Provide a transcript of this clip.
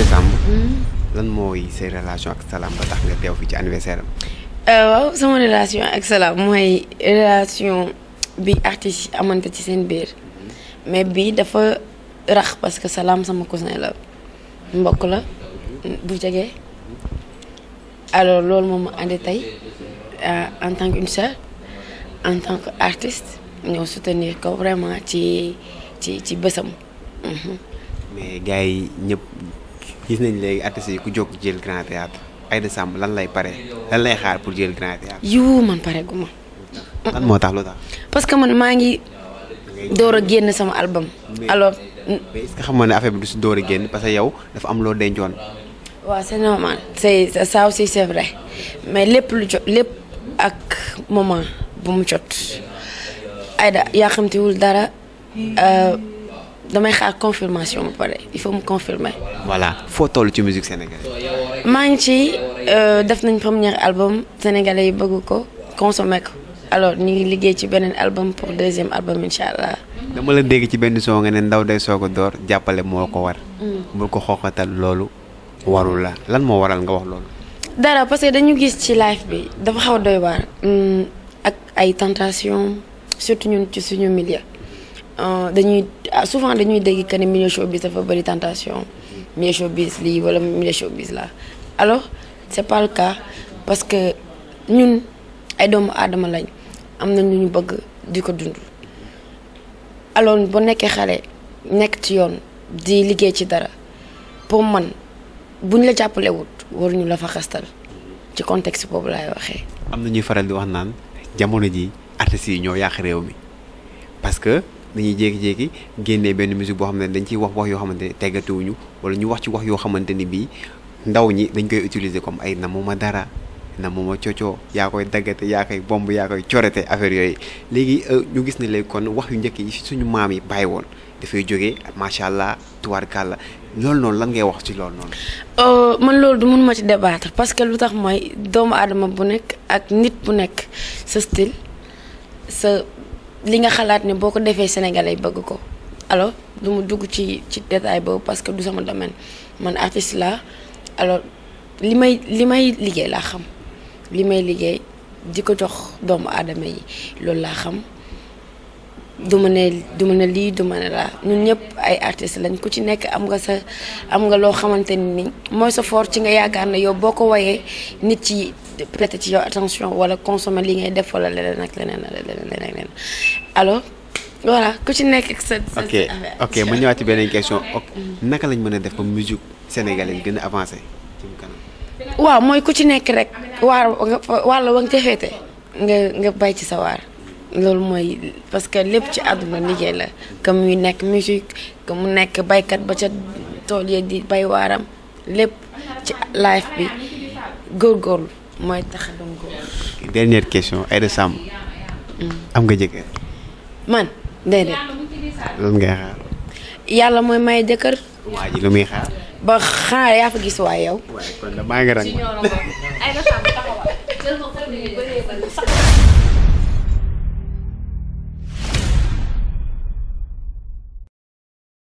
Aïda Samb hmm. lan moy say relation ak Salam ba tax nga teew fi ci anniversaire Euh waaw sama relation ak Salam mooy relation bi artiste yi amante ci sen biir hmm. mais bi dafa rax parce que Salam sama cousin la Mbok la bu jege alors lool moom andé tay tey euh, en tant qu'une sœur en tant qu'artiste ñëw soutenir ko vraiment ci ci ci -hmm. mais gars yi ñëpp. gis nañ léegi artistes yi ku jóg jël grand théâtre Aïda Samb lan lay pare lan lay xaar pour jël grand théâtre yu man pare gu moo tax lu tax parce que man maa ngi door a génn sama album alors mais est xam nga ne affaire bi du si door a génn parce que yow dafa am loo dencoon waaw c'est normal c'est ça aussi c'est vrai mais lépp lu jot lépp ak moment bu mu jot Aïda yaa xamtiwul dara euh, damay xaar confirmation ba pare il faut me confirmer. voilà photo. musique sénégalaise. Euh, premier album sénégalais yi bëgg ko alors ni ngi ci beneen album pour deuxième album Inch'Allah. dama la ci benn war. ko la lan waral nga wax dara parce que dañu ci bi dafa mm, tentation surtout ñun ci suñu euh, dañuy ah, souvent dañuy dégg que ne milieu showbiz dafa tentation mm-hmm. wala alors c'est pas le cas parce que nous, ay doomu aadama lañ am ñu bëgg di ko dund alors bu nekkee xale nekk ci di dara pour man la la fa xastal ci contexte ñuy faral di wax jamono ji parce que. dañuy jékki-jékki génne benn musique boo xam ne dañ ciy wax wax yoo xamante ne teggatuwuñu wala ñu wax ci wax yoo xamante ni bii ndaw ñi dañ koy utiliser comme ay ma dara nam ma coco yaa koy daggate yaa koy bomb yaa koy corete affaire yooyu léegi euh, ñu gis ne léegi kon wax yu njëkk yi suñu maam yi bàyyi woon dafay jógee macha allah tubaarkàlla loolu noonu lan ngay wax ci lool noonu. Euh, man loolu du mun ma ci débattre parce que lu tax mooy doomu aadama bu nekk ak nit bu nekk sa style sa. li nga xalaat ne boo ko defee sénégalais bëgg ko alors du mu dugg ci ci détail boobu parce que du sama domaine man artiste laa alors li may li may liggéey laa xam li may liggéey di ko jox doomu aadama yi loolu laa xam du ne du ma ne lii duma ne laa ñun ñëpp ay artiste lañ ku ci nekk am nga sa am nga loo xamante ni mooy sa fort ci nga yaakaar na yow boo ko woyee nit yi prêter ci yow attention wala consommer li ngay def wala leneen ak leneen leneen leneen alors voilà ku ci nekk ak sa ok ok ma ñëwaat benen beneen question naka lañ mëna def ba musique sénégalais gën a avancé jëm kanam waaw mooy ku ci nekk rek war wala wa nga fété nga nga bay ci sa war loolu moy parce que lepp ci aduna liggéey la comme yu nek musique comme nek nekk baykat ba ca tol ye di bay waram lepp ci life bi gor gor mooy tax doon góor. dernière question Aïda Samb. Mm. am nga jëkkër. man déedéet. lan ngay xaar. yàlla mooy may jëkkër. waa ba xaar yaa fa gis waay yow. waaye kon